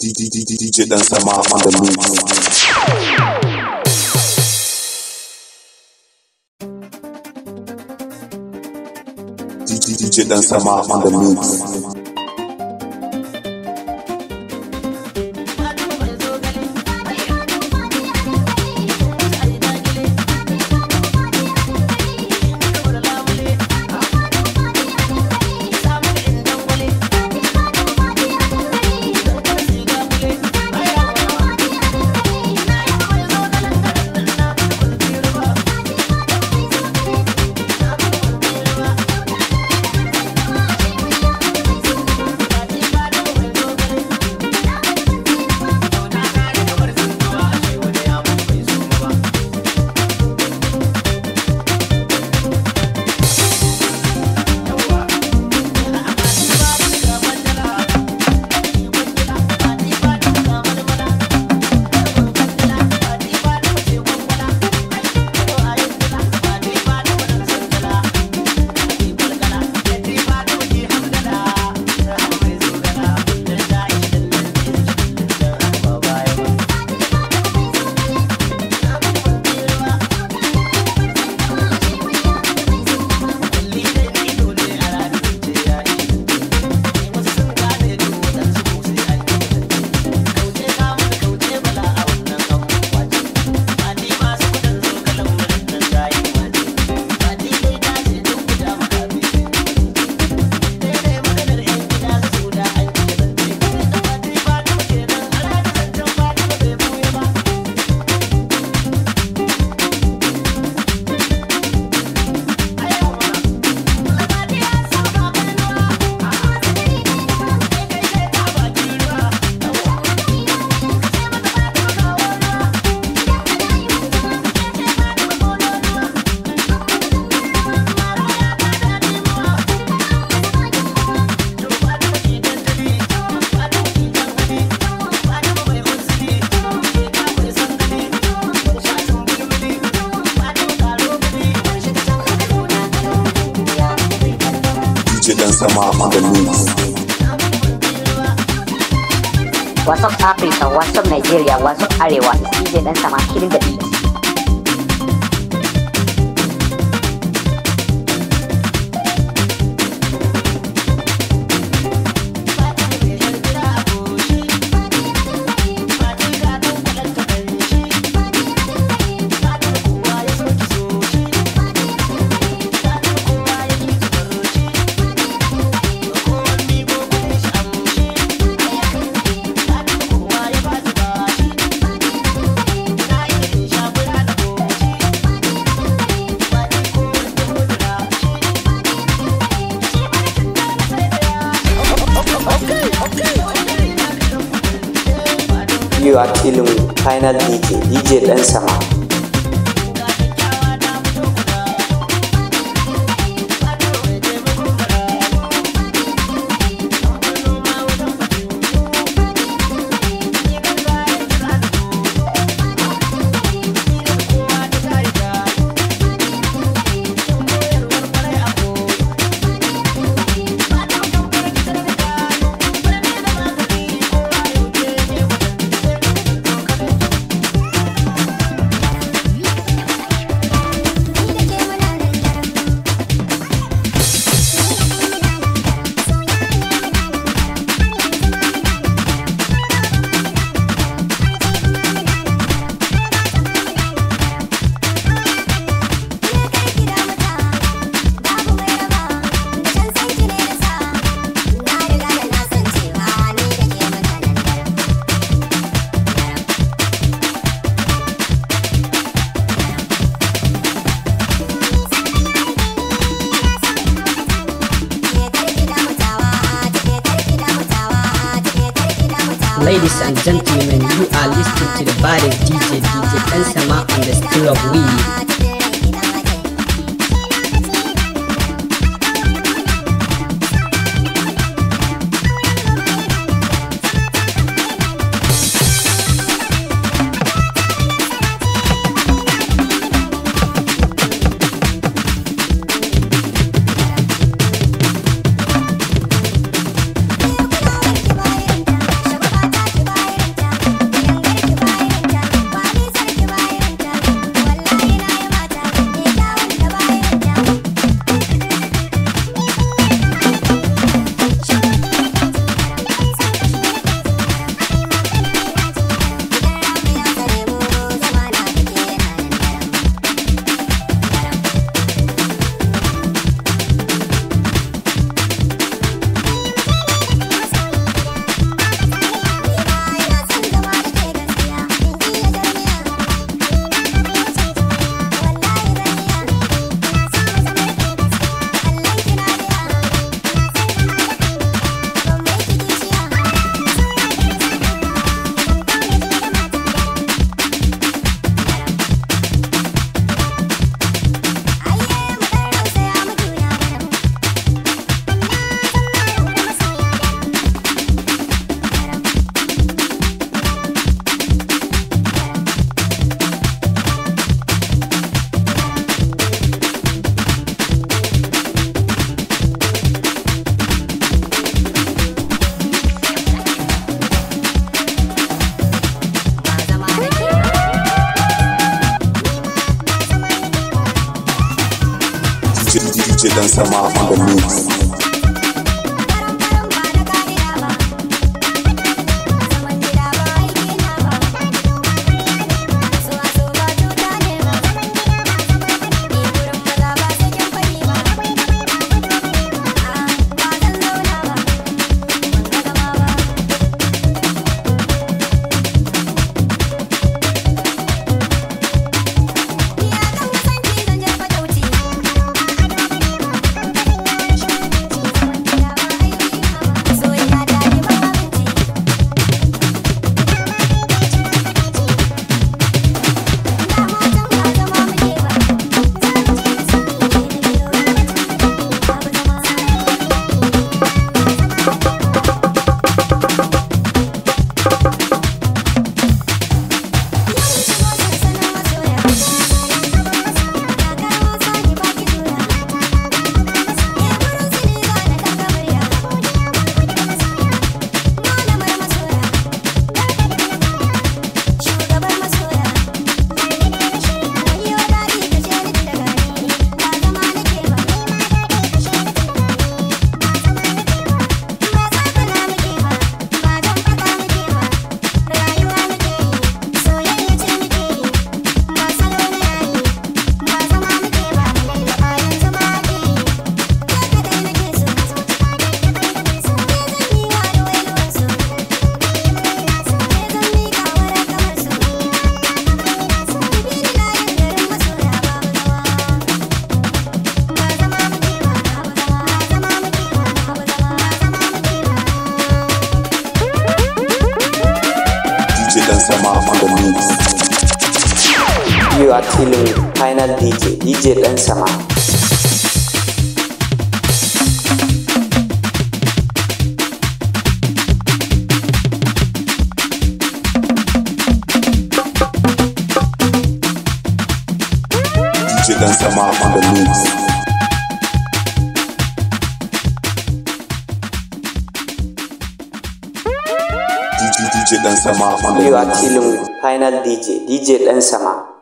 DJ Dan Sama on the move. DJ Dan Sama on the move. the What's up Africa, what's up Nigeria, what's up Arewa, DJ dan sama kirin da filin final dj dj dan sama Ladies and gentlemen, you are listening to the body DJ DJ Ensema on the Still of Weed. DJ dan sama on the mix. m a r o mix. You are tuning with Final DJ, DJ Dan Sama. DJ Dan Sama on the mix. DJ Dan Sama. You are Final DJ, DJ Dan Sama.